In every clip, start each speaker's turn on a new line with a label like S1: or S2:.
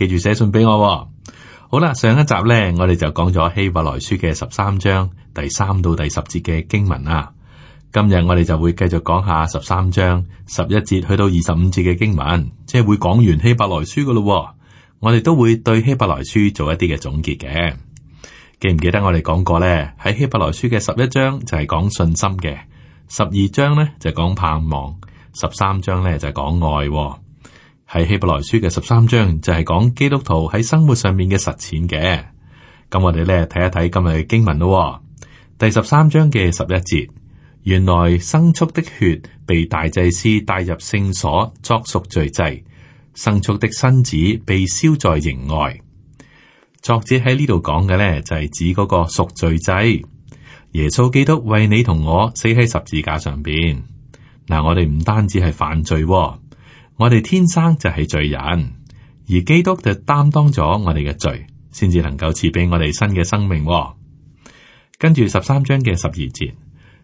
S1: 記住寫信俾我、哦。好啦，上一集呢，我哋就講咗希伯來書嘅十三章第三到第十節嘅經文啦。今日我哋就會繼續講下十三章十一節去到二十五節嘅經文，即係會講完希伯來書噶咯、哦。我哋都會對希伯來書做一啲嘅總結嘅。記唔記得我哋講過呢？喺希伯來書嘅十一章就係講信心嘅，十二章呢就係講盼望，十三章呢就係講愛。喺希伯來書嘅十三章就係、是，講基督徒喺生活上面嘅實踐嘅，咁、嗯、我哋咧睇一睇今日嘅經文咯。第十三章嘅十一節，原來牲畜的血被大祭司帶入聖所作贖罪祭，牲畜的身子被燒在營外。作者喺呢度講嘅咧就係指嗰個贖罪祭。耶穌基督為你同我死喺十字架上邊，嗱、嗯、我哋唔單止係犯罪、哦。我哋天生就係罪人，而基督就擔當咗我哋嘅罪，先至能夠賜畀我哋新嘅生命，哦。跟住十三章嘅十二節，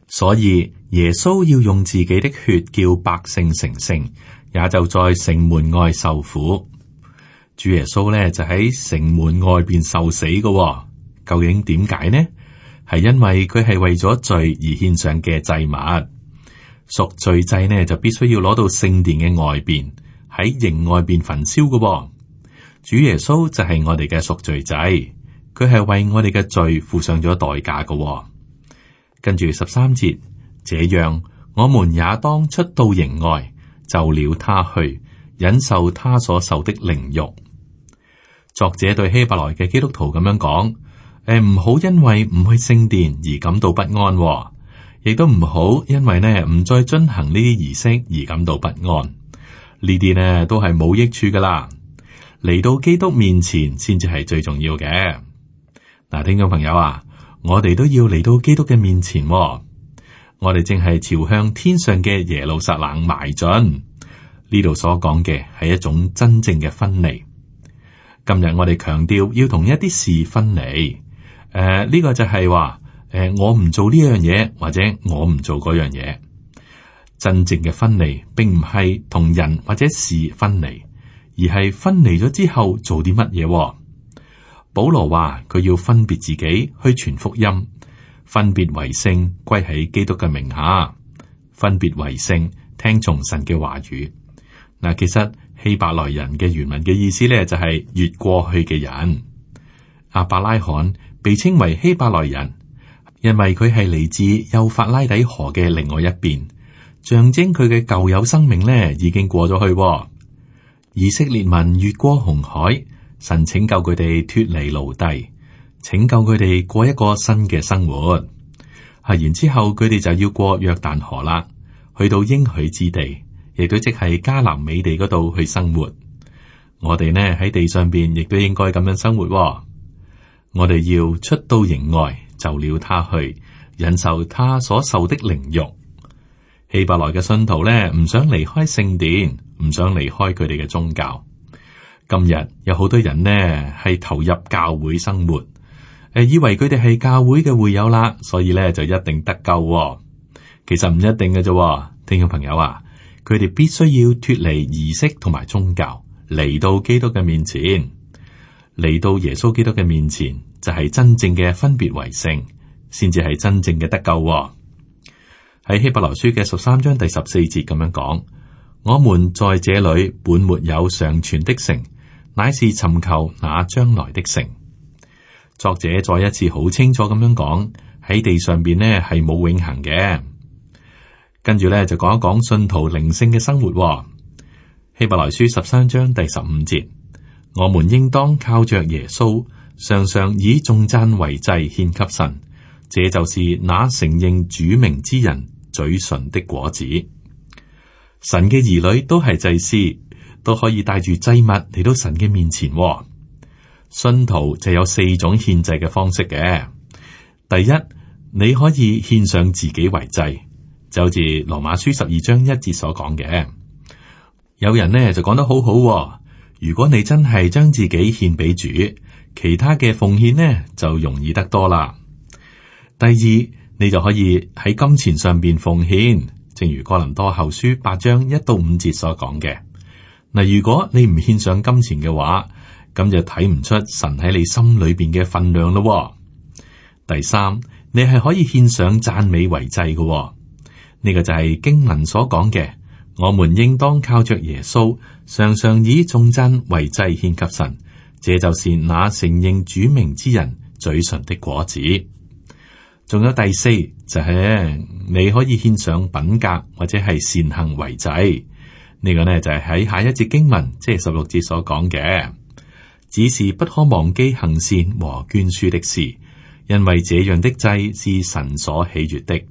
S1: 所以耶穌要用自己的血叫百姓成聖，也就在城門外受苦。主耶穌呢就喺城門外面受死嘅，哦，究竟點解呢？係因為佢係為咗罪而獻上嘅祭物。贖罪祭呢就必須要攞到聖殿嘅外邊喺營外邊焚燒嘅、哦。主耶穌就係我哋嘅贖罪祭，佢係為我哋嘅罪付上咗代價嘅、哦。跟住十三節，這樣我們也當出到營外，就了他去忍受他所受的凌辱。作者對希伯來嘅基督徒咁樣講：誒、呃，唔好因為唔去聖殿而感到不安、哦。亦都唔好，因為呢唔再進行呢啲儀式而感到不安。呢啲呢都係冇益處噶啦。嚟到基督面前先至係最重要嘅。嗱、啊，聽眾朋友啊，我哋都要嚟到基督嘅面前、哦。我哋正係朝向天上嘅耶路撒冷邁進。呢度所講嘅係一種真正嘅分離。今日我哋強調要同一啲事分離。誒、呃，呢、這個就係話。誒、嗯，我唔做呢樣嘢，或者我唔做嗰樣嘢。真正嘅分離，並唔係同人或者事分離，而係分離咗之後做啲乜嘢。保羅話佢要分別自己去傳福音，分別為聖，歸喺基督嘅名下，分別為聖，聽從神嘅話語。嗱，其實希伯來人嘅原文嘅意思咧，就係越過去嘅人。亞伯拉罕被稱為希伯來人。因為佢係嚟自幼發拉底河嘅另外一邊，象徵佢嘅舊有生命咧已經過咗去。以色列民越過紅海，神拯救佢哋脱離奴地，拯救佢哋過一個新嘅生活。係然之後，佢哋就要過約旦河啦，去到應許之地，亦都即係迦南美地嗰度去生活。我哋呢喺地上邊，亦都應該咁樣生活。我哋要出到營外。受了他去忍受他所受的凌辱。希伯來嘅信徒咧唔想離開聖殿，唔想離開佢哋嘅宗教。今日有好多人咧係投入教會生活，誒，以為佢哋係教會嘅會友啦，所以咧就一定得救喎。其實唔一定嘅啫，聽眾朋友啊，佢哋必須要脫離儀式同埋宗教，嚟到基督嘅面前，嚟到耶穌基督嘅面前。就係真正嘅分別為聖，先至係真正嘅得救，哦。喺希伯來書嘅十三章第十四節咁樣講，我們在這裏本沒有常存的城，乃是尋求那將來的城。作者再一次好清楚咁樣講，喺地上邊呢係冇永恆嘅。跟住呢就講一講信徒靈性嘅生活，哦。希伯來書十三章第十五節，我們應當靠着耶穌。常常以頌讚為祭獻給神，這就是那承認主名之人嘴唇的果子。神嘅兒女都係祭司，都可以帶住祭物嚟到神嘅面前，哦。信徒就有四種獻祭嘅方式嘅。第一，你可以獻上自己為祭，就好似羅馬書十二章一節所講嘅。有人呢，就講得好好，哦。如果你真係將自己獻俾主，其他嘅奉獻呢，就容易得多啦。第二，你就可以喺金錢上邊奉獻，正如哥林多後書八章一到五節所講嘅。嗱，如果你唔獻上金錢嘅話，咁就睇唔出神喺你心裏邊嘅份量咯喎。第三，你係可以獻上讚美為祭嘅喎，呢個就係經文所講嘅。我們應當靠着耶穌，常常以頌讚為祭獻給神，這就是那承認主名之人嘴唇的果子。仲有第四就係、是、你可以獻上品格或者係善行為祭，呢、這個呢，就係、是、喺下一節經文即係十六節所講嘅，只是不可忘記行善和捐輸的事，因為這樣的祭是神所喜悦的。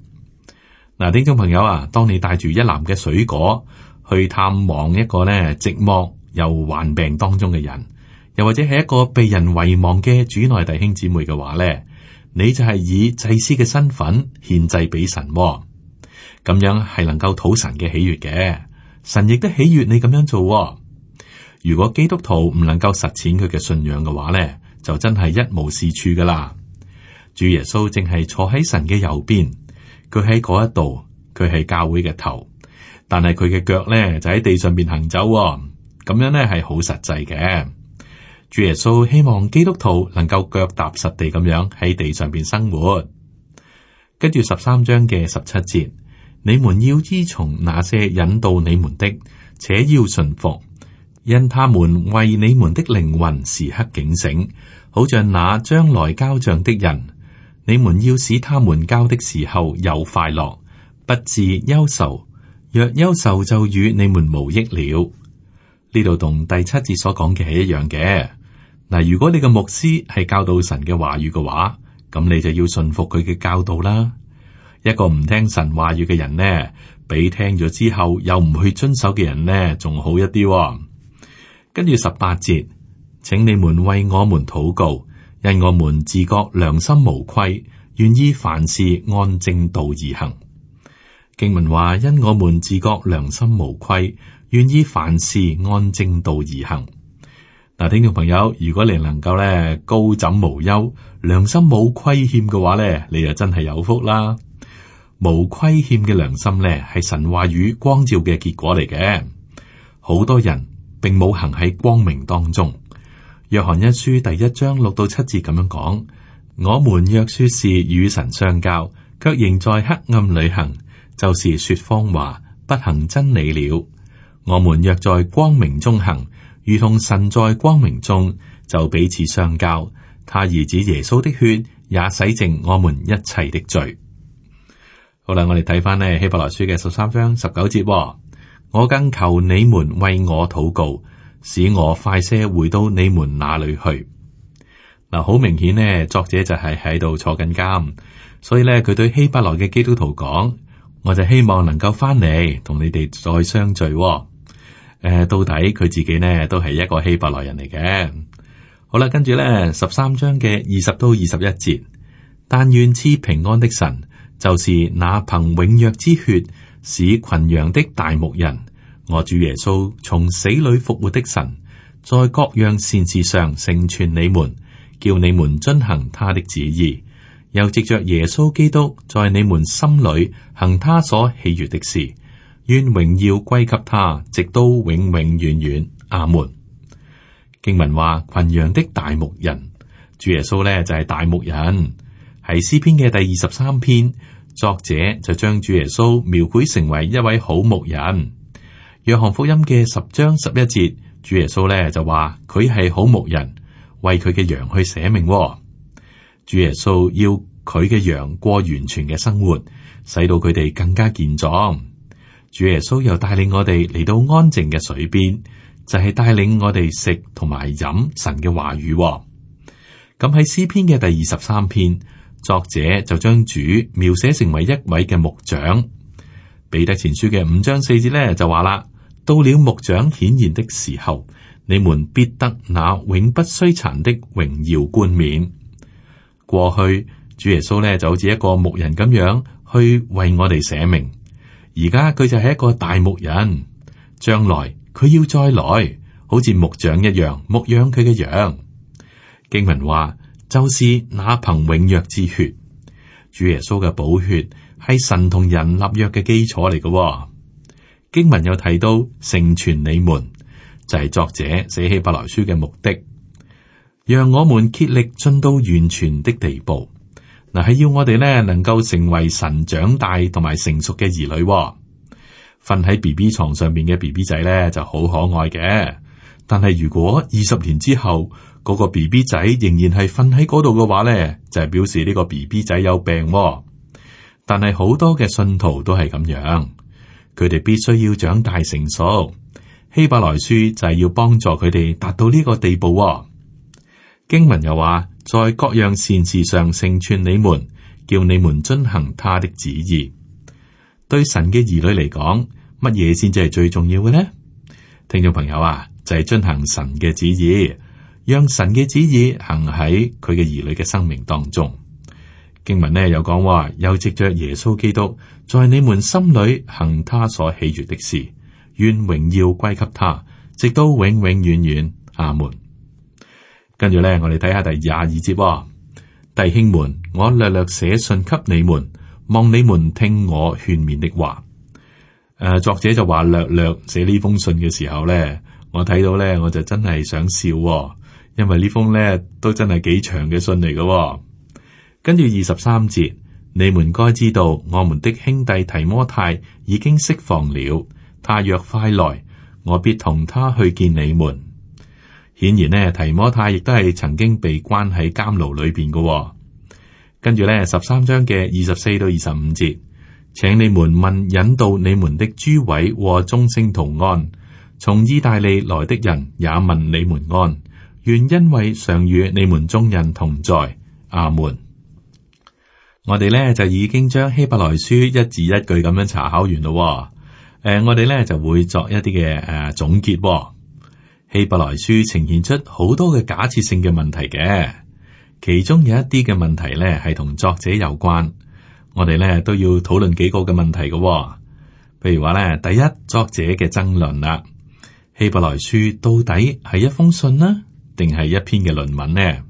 S1: 嗱，聽眾朋友啊，當你帶住一籃嘅水果去探望一個咧，寂寞又患病當中嘅人，又或者係一個被人遺忘嘅主內弟兄姊妹嘅話咧，你就係以祭司嘅身份獻祭俾神，咁樣係能夠討神嘅喜悅嘅，神亦都喜悅你咁樣做。如果基督徒唔能夠實踐佢嘅信仰嘅話咧，就真係一無是處噶啦。主耶穌正係坐喺神嘅右邊。佢喺嗰一度，佢係教會嘅頭，但係佢嘅腳咧就喺地上邊行走，哦，咁樣咧係好實際嘅。主耶穌希望基督徒能夠腳踏實地咁樣喺地上邊生活。跟住十三章嘅十七節，你們要依從那些引導你們的，且要順服，因他們為你們的靈魂時刻警醒，好像那將來交賬的人。你們要使他們交的時候有快樂，不至憂愁。若憂愁，就與你們無益了。呢度同第七節所講嘅係一樣嘅。嗱，如果你嘅牧師係教導神嘅話語嘅話，咁你就要順服佢嘅教導啦。一個唔聽神話語嘅人呢，比聽咗之後又唔去遵守嘅人呢，仲好一啲、哦。跟住十八節，請你們為我們禱告。因我們自覺良心無愧，願意凡事按正道而行。經文話：因我們自覺良心無愧，願意凡事按正道而行。嗱，聽眾朋友，如果你能夠咧高枕無憂，良心冇虧欠嘅話咧，你就真係有福啦。無虧欠嘅良心咧，係神話語光照嘅結果嚟嘅。好多人並冇行喺光明當中。約翰一書第一章六到七節咁樣講：，我們若說是與神相交，却仍在黑暗旅行，就是說謊話，不行真理了。我們若在光明中行，如同神在光明中，就彼此相交。他兒子耶穌的血也洗淨我們一切的罪。好啦，我哋睇翻呢希伯來書嘅十三章十九節、哦：，我更求你們為我禱告。使我快些回到你們那裏去。嗱、呃，好明顯呢，作者就係喺度坐緊監，所以咧佢對希伯來嘅基督徒講，我就希望能夠翻嚟同你哋再相聚、哦。誒、呃，到底佢自己呢都係一個希伯來人嚟嘅。好啦，跟住咧十三章嘅二十到二十一節，但願賜平安的神，就是那憑永約之血使群羊的大牧人。我主耶穌從死裏復活的神，在各樣善事上成全你們，叫你們遵行他的旨意。又藉着耶穌基督，在你們心裏行他所喜悦的事。願榮耀歸給他，直到永永遠遠。阿門。經文話：群羊的大牧人，主耶穌呢，就係大牧人。喺詩篇嘅第二十三篇，作者就將主耶穌描繪成為一位好牧人。約翰福音嘅十章十一節，主耶穌咧就話佢係好牧人，為佢嘅羊去捨命喎。主耶穌要佢嘅羊過完全嘅生活，使到佢哋更加健壯。主耶穌又帶領我哋嚟到安靜嘅水邊，就係、係、帶領我哋食同埋飲神嘅話語喎。咁喺詩篇嘅第二十三篇，作者就將主描寫成為一位嘅牧長。彼得前書嘅五章四節咧就話啦。到了牧長顯現的時候，你們必得那永不衰殘的榮耀冠冕。過去主耶穌咧就好似一個牧人咁樣去為我哋捨命，而家佢就係一個大牧人，將來佢要再來，好似牧長一樣牧養佢嘅羊。經文話就是那憑永約之血，主耶穌嘅寶血係神同人立約嘅基礎嚟嘅。經文有提到成全你們就係、是、作者寫起希伯來書嘅目的，讓我們竭力進到完全的地步。嗱，係要我哋咧能夠成為神長大同埋成熟嘅兒女。瞓喺 B B 床上面嘅 B B 仔咧就好可愛嘅，但係如果二十年之後嗰、那個 B B 仔仍然係瞓喺嗰度嘅話咧，就係、是、表示呢個 B B 仔有病。但係好多嘅信徒都係咁樣。佢哋必須要長大成熟，希伯來書就係要幫助佢哋達到呢個地步喎。經文又話，在各樣善事上成全你們，叫你們遵行他的旨意。對神嘅兒女嚟講，乜嘢先至係最重要嘅呢？聽眾朋友啊，就係遵行神嘅旨意，讓神嘅旨意行喺佢嘅兒女嘅生命當中。經文呢又講話，有又藉着耶穌基督，在你們心裡行他所喜悅的事，願榮耀歸給他，直到永永遠遠，遠。阿門。跟住呢，我哋睇下第廿二節，哦，弟兄們，我略略寫信給你們，望你們聽我勸勉的話。誒、呃，作者就話略略寫呢封信嘅時候呢，我睇到呢，我就真係想笑，哦，因為呢封呢都真係幾長嘅信嚟嘅，哦。跟住二十三節，你們該知道我們的兄弟提摩太已經釋放了。他若快來，我必同他去見你們。顯然呢，提摩太亦都係曾經被關喺監牢裏邊嘅、哦。跟住呢，十三章嘅二十四到二十五節，請你們問引導你們的諸位和眾聖徒安，從意大利來的人也問你們安，願恩惠常與你們眾人同在。阿門。我哋咧就已經將希伯來書一字一句咁樣查考完咯，誒、呃，我哋咧就會作一啲嘅誒總結、哦。希伯來書呈現出好多嘅假設性嘅問題嘅，其中有一啲嘅問題咧係同作者有關，我哋咧都要討論幾個嘅問題嘅、哦，譬如話咧第一，作者嘅爭論啦，希伯來書到底係一封信呢，定係一篇嘅論文咧？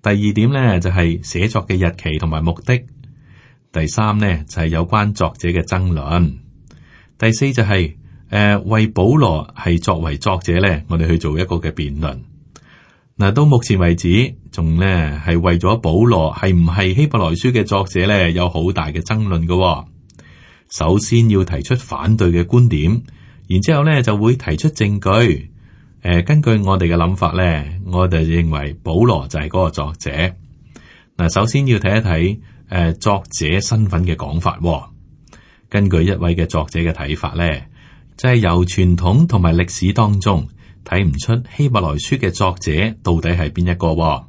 S1: 第二點咧就係寫作嘅日期同埋目的，第三咧就係有關作者嘅爭論，第四就係、是、誒、呃、為保羅係作為作者咧，我哋去做一個嘅辯論。嗱，到目前為止仲咧係為咗保羅係唔係希伯來書嘅作者咧，有好大嘅爭論嘅、哦。首先要提出反對嘅觀點，然之後咧就會提出證據。誒，根據我哋嘅諗法咧，我哋認為保羅就係嗰個作者。嗱，首先要睇一睇誒作者身份嘅講法。根據一位嘅作者嘅睇法咧，就係、是、由傳統同埋歷史當中睇唔出希伯來書嘅作者到底係邊一個。嗱、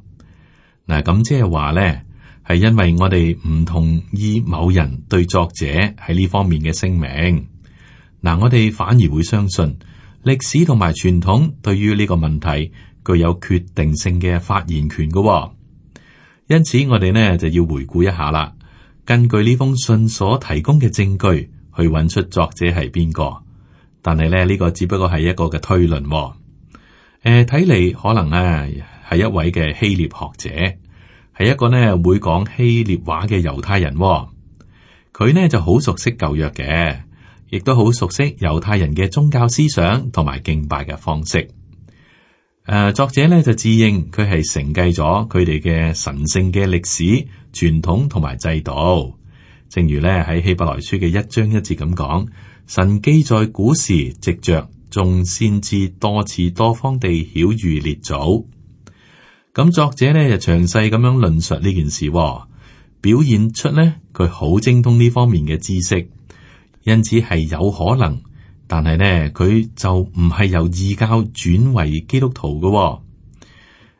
S1: 呃，咁即係話咧，係因為我哋唔同意某人對作者喺呢方面嘅聲明。嗱、呃，我哋反而會相信。歷史同埋傳統對於呢個問題具有決定性嘅發言權嘅、哦，因此我哋呢就要回顧一下啦。根據呢封信所提供嘅證據，去揾出作者係邊個。但係呢呢、這個只不過係一個嘅推論、哦。誒、呃，睇嚟可能啊係一位嘅希臘學者，係一個呢會講希臘話嘅猶太人、哦。佢呢就好熟悉舊約嘅。亦都好熟悉猶太人嘅宗教思想同埋敬拜嘅方式。誒、呃，作者咧就自認佢係承繼咗佢哋嘅神聖嘅歷史傳統同埋制度。正如咧喺希伯來書嘅一章一節咁講，神既在古時，藉着眾先知多次多方地曉諭列祖。咁、嗯、作者咧就詳細咁樣論述呢件事、呃，表現出咧佢好精通呢方面嘅知識。因此係有可能，但係呢，佢就唔係由異教轉為基督徒嘅、哦、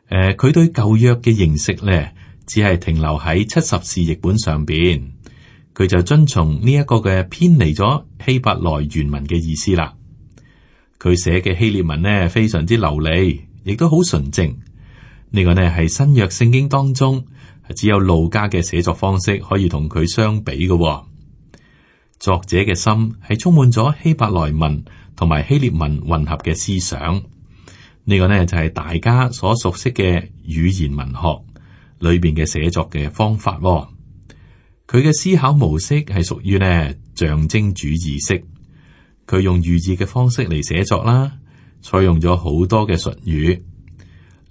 S1: 誒、呃、佢對舊約嘅認識呢，只係停留喺七十士譯本上邊，佢就遵從呢一個嘅偏離咗希伯來原文嘅意思啦。佢寫嘅希臘文呢，非常之流利，亦都好純淨。呢、這個呢，係新約聖經當中只有路加嘅寫作方式可以同佢相比嘅、哦。作者嘅心係充滿咗希伯來文同埋希臘文混合嘅思想，呢、呢個呢就係大家所熟悉嘅語言文學裏邊嘅寫作嘅方法。佢嘅思考模式係屬於呢象徵主義式，佢用寓意嘅方式嚟寫作啦，採用咗好多嘅術語，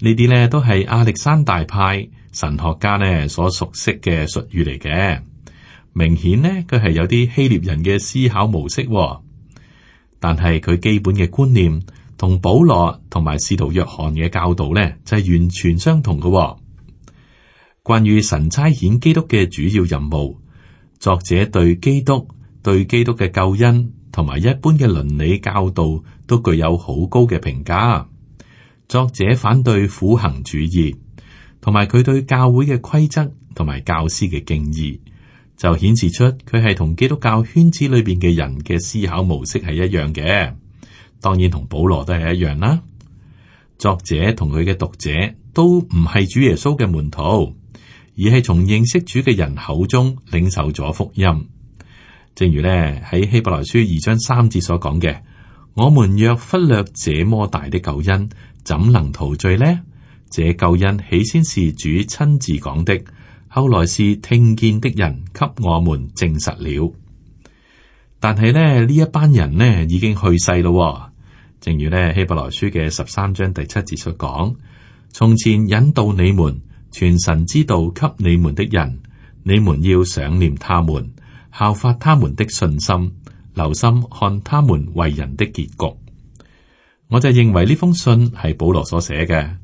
S1: 呢啲呢都係亞歷山大派神學家呢所熟悉嘅術語嚟嘅。明顯呢，佢係有啲希臘人嘅思考模式，哦，但係佢基本嘅觀念同保羅同埋使徒約翰嘅教導呢，就係、是、完全相同嘅，哦。關於神差遣基督嘅主要任務，作者對基督對基督嘅救恩同埋一般嘅倫理教導都具有好高嘅評價。作者反對苦行主義，同埋佢對教會嘅規則同埋教師嘅敬意就顯示出佢係同基督教圈子裏邊嘅人嘅思考模式係一樣嘅，當然同保羅都係一樣啦。作者同佢嘅讀者都唔係主耶穌嘅門徒，而係從認識主嘅人口中領受咗福音。正如呢喺希伯來書二章三節所講嘅，我們若忽略這麼大的救恩，怎能逃罪呢？這救恩起先是主親自講的。後來是聽見的人給我們證實了，但係咧，呢一班人呢已經去世咯，哦。正如呢希伯來書嘅十三章第七節所講：從前引導你們傳神之道給你們的人，你們要想念他們，效法他們的信心，留心看他們為人的結局。我就認為呢封信係保羅所寫嘅。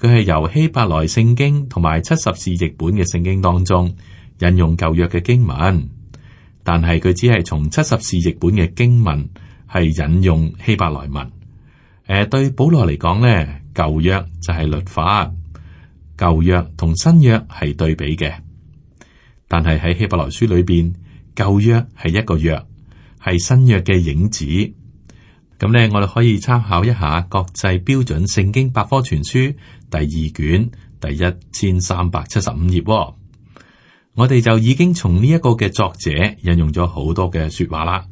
S1: 佢係由希伯來聖經同埋七十士譯本嘅聖經當中引用舊約嘅經文，但係佢只係從七十士譯本嘅經文係引用希伯來文。誒、呃，對保羅嚟講咧，舊約就係律法，舊約同新約係對比嘅，但係喺希伯來書裏邊，舊約係一個約，係新約嘅影子。咁、嗯、咧，我哋可以參考一下國際標準聖經百科全書。第二卷第一千三百七十五頁，我哋就已經從呢一個嘅作者引用咗好多嘅說話啦。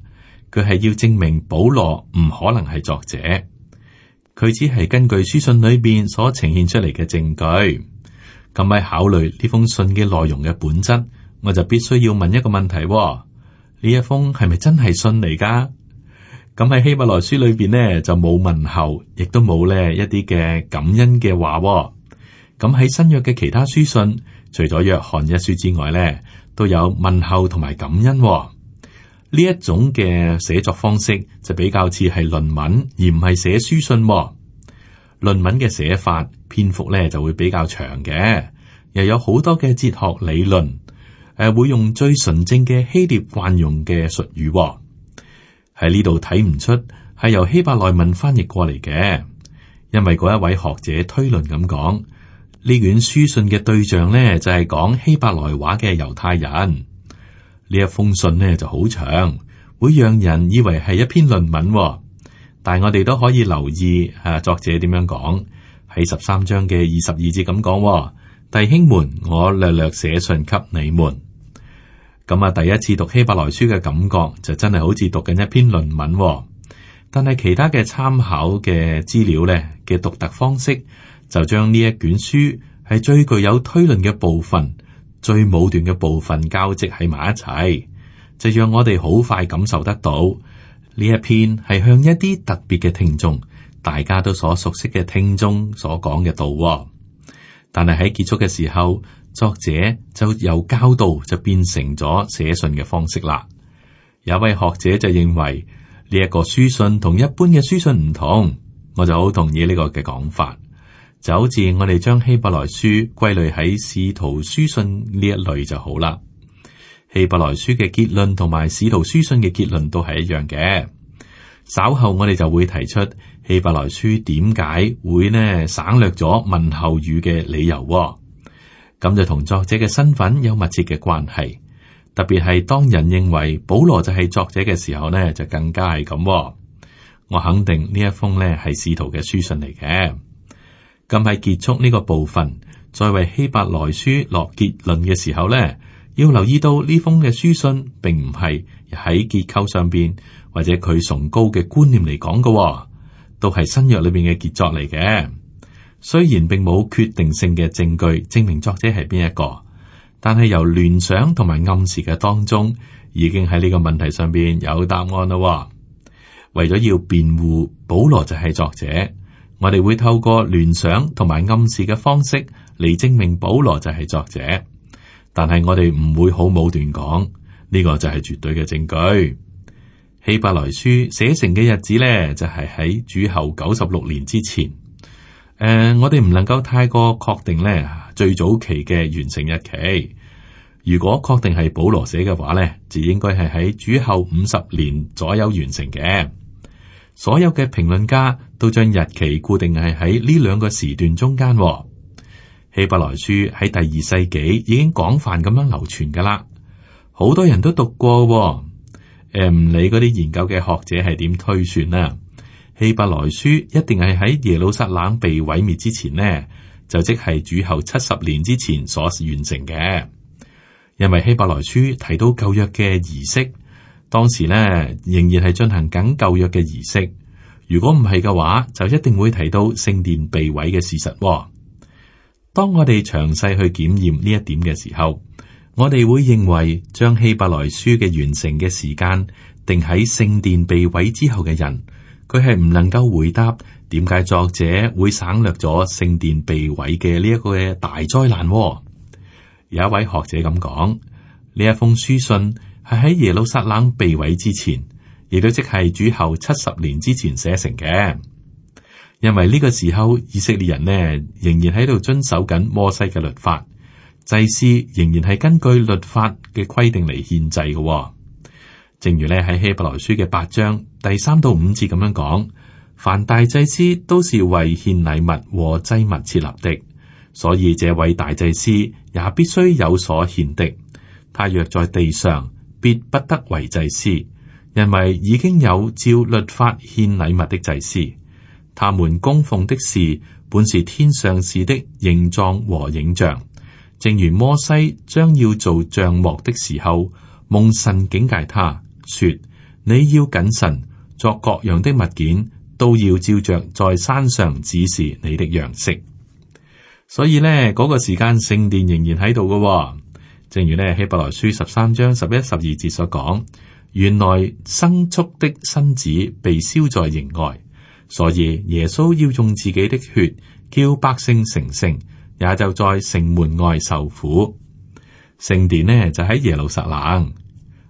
S1: 佢係要證明保羅唔可能係作者，佢只係根據書信裏邊所呈現出嚟嘅證據。咁喺考慮呢封信嘅內容嘅本質，我就必須要問一個問題哦：呢一封係咪真係信嚟噶？咁喺希伯來書裏邊咧就冇問候，亦都冇咧一啲嘅感恩嘅話喎。咁喺新約嘅其他書信，除咗約翰一書之外咧，都有問候同埋感恩喎。呢一種嘅寫作方式就比較似係論文，而唔係寫書信喎。論文嘅寫法篇幅咧就會比較長嘅，又有好多嘅哲學理論，誒會用最純正嘅希臘慣用嘅術語喎。喺呢度睇唔出係由希伯來文翻譯過嚟嘅，因為嗰一位學者推論咁講，呢卷書信嘅對象呢，就係講希伯來話嘅猶太人。呢一封信呢就好長，會讓人以為係一篇論文哦，但係我哋都可以留意啊作者點樣講，喺十三章嘅二十二節咁講，弟兄們，我略略寫信給你們。咁啊，第一次讀希伯來書嘅感覺就真係好似讀緊一篇論文，哦，但係其他嘅參考嘅資料咧嘅獨特方式，就將呢一卷書係最具有推論嘅部分，最武斷嘅部分交織喺埋一齊，就讓我哋好快感受得到呢一篇係向一啲特別嘅聽眾，大家都所熟悉嘅聽眾所講嘅道，哦。但係喺結束嘅時候，作者就由教導就變成咗寫信嘅方式啦。有位學者就認為呢一個書信同一般嘅書信唔同，我就好同意呢個嘅講法。就好似我哋將希伯來書歸類喺使徒書信呢一類就好啦。希伯來書嘅結論同埋使徒書信嘅結論都係一樣嘅。稍後我哋就會提出希伯來書點解會呢省略咗問候語嘅理由。咁就同作者嘅身份有密切嘅關係，特別係當人認為保羅就係作者嘅時候呢，就更加係咁。我肯定呢一封呢係使徒嘅書信嚟嘅。咁喺結束呢個部分，再為希伯來書落結論嘅時候呢，要留意到呢封嘅書信並唔係喺結構上邊或者佢崇高嘅觀念嚟講嘅，都係新約裏面嘅傑作嚟嘅。雖然並冇決定性嘅證據證明作者係邊一個，但係由聯想同埋暗示嘅當中，已經喺呢個問題上邊有答案啦。為咗要辯護，保羅就係作者。我哋會透過聯想同埋暗示嘅方式嚟證明保羅就係作者，但係我哋唔會好武斷講呢個就係絕對嘅證據。希伯來書寫成嘅日子咧，就係喺主後九十六年之前。誒、呃，我哋唔能夠太過確定咧，最早期嘅完成日期。如果確定係保羅寫嘅話咧，就應該係喺主後五十年左右完成嘅。所有嘅評論家都將日期固定係喺呢兩個時段中間哦。希伯來書喺第二世紀已經廣泛咁樣流傳噶啦，好多人都讀過哦。誒、呃，唔理嗰啲研究嘅學者係點推算啦。希伯來書一定係喺耶路撒冷被毀滅之前呢，就即係主後七十年之前所完成嘅。因為希伯來書提到舊約嘅儀式，當時呢仍然係進行緊舊約嘅儀式。如果唔係嘅話，就一定會提到聖殿被毀嘅事實哦。當我哋詳細去檢驗呢一點嘅時候，我哋會認為將希伯來書嘅完成嘅時間定喺聖殿被毀之後嘅人。佢係唔能夠回答點解作者會省略咗聖殿被毀嘅呢一個嘅大災難、哦。有一位學者咁講：呢一封書信係喺耶路撒冷被毀之前，亦都即係主後七十年之前寫成嘅。因為呢個時候以色列人呢仍然喺度遵守緊摩西嘅律法，祭祀仍然係根據律法嘅規定嚟獻祭嘅、哦。正如呢喺希伯來書嘅八章。第三到五節咁樣講，凡大祭司都是為獻禮物和祭物設立的，所以這位大祭司也必須有所獻的。他若在地上，必不得為祭司，因為已經有照律法獻禮物的祭司，他們供奉的事本是天上事的形狀和影像，正如摩西將要做帳幕的時候，蒙神警戒他說：你要謹慎。作各樣的物件都要照着在山上指示你的樣式，所以呢，嗰、嗰個時間聖殿仍然喺度㗎。正如呢希伯來書十三章十一、十二節所講，原來牲畜的身子被燒在營外，所以耶穌要用自己的血叫百姓成聖，也就在城門外受苦。聖殿呢就喺耶路撒冷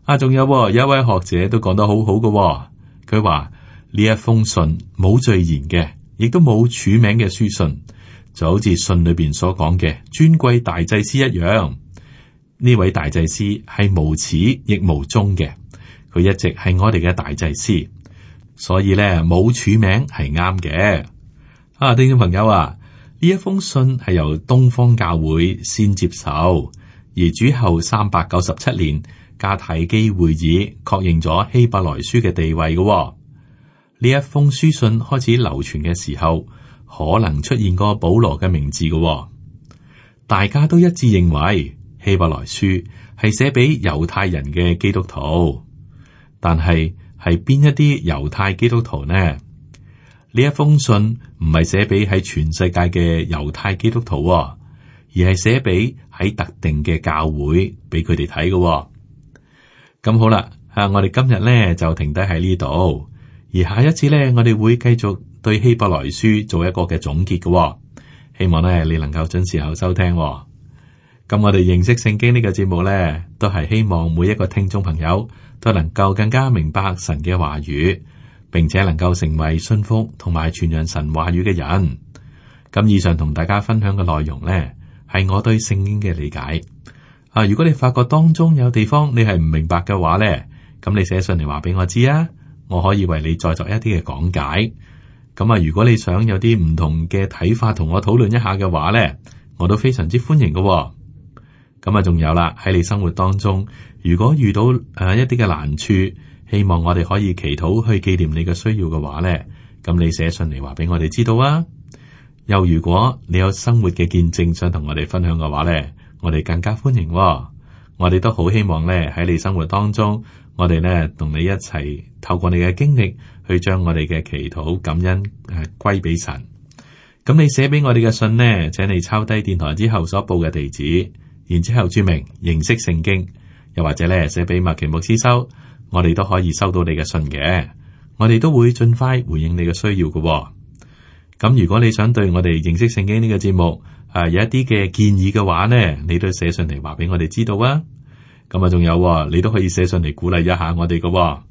S1: 啊，仲有有一位學者都講得好好㗎。佢話，呢一封信冇序言嘅，亦都冇署名嘅書信，就好似信裏邊所講嘅尊貴大祭司一樣。呢位大祭司係無始亦無終嘅，佢一直係我哋嘅大祭司，所以咧冇署名係啱嘅。啊，聽眾朋友啊，呢一封信係由東方教會先接手，而主後三百九十七年。加太基會議確認咗希伯來書嘅地位嘅呢、哦、一封書信開始流傳嘅時候，可能出現過保羅嘅名字嘅、哦。大家都一致認為希伯來書係寫俾猶太人嘅基督徒，但係係邊一啲猶太基督徒呢？呢一封信唔係寫俾喺全世界嘅猶太基督徒、哦，而係寫俾喺特定嘅教會俾佢哋睇嘅。咁好啦，吓、啊、我哋今日咧就停低喺呢度，而下一次咧我哋會繼續對希伯來書做一個嘅總結嘅、哦，希望咧你能夠準時候收聽、哦。咁我哋認識聖經呢、這個節目咧，都係希望每一個聽眾朋友都能夠更加明白神嘅話語，並且能夠成為信服同埋傳揚神話語嘅人。咁以上同大家分享嘅內容咧，係我對聖經嘅理解。啊！如果你發覺當中有地方你係唔明白嘅話呢，咁你寫信嚟，話俾我知啊，我可以為你再作一啲嘅講解。咁啊，如果你想有啲唔同嘅睇法，同我討論一下嘅話呢，我都非常之歡迎嘅。咁啊，仲有啦，喺你生活當中，如果遇到誒一啲嘅難處，希望我哋可以祈禱去紀念你嘅需要嘅話呢，咁你寫信嚟，話俾我哋知道啊。又如果你有生活嘅見證，想同我哋分享嘅話呢，我哋更加歡迎、哦，我哋都好希望咧喺你生活當中，我哋咧同你一齊透過你嘅經歷，去將我哋嘅祈禱感恩誒、呃、歸俾神。咁你寫俾我哋嘅信呢，請你抄低電台之後所報嘅地址，然之後注明認識聖經，又或者咧寫俾麥奇牧師收，我哋都可以收到你嘅信嘅，我哋都會盡快回應你嘅需要嘅喎、哦。咁如果你想對我哋認識聖經呢個節目啊有一啲嘅建議嘅話呢，你都寫上嚟話俾我哋知道啊！咁啊仲有，你都可以寫上嚟鼓勵一下我哋噶、哦。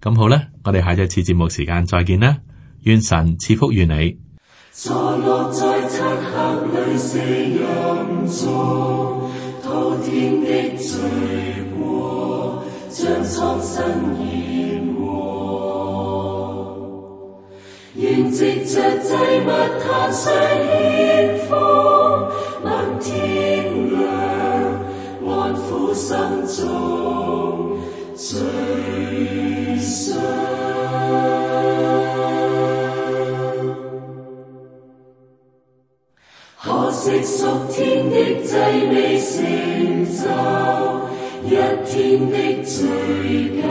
S1: 咁好啦，我哋下一次節目時間再見啦！願神賜福於你。 願藉着祭物嘆息憫苦，問天良，安苦心中最傷。 可惜屬天的祭未成就，一天的追咎。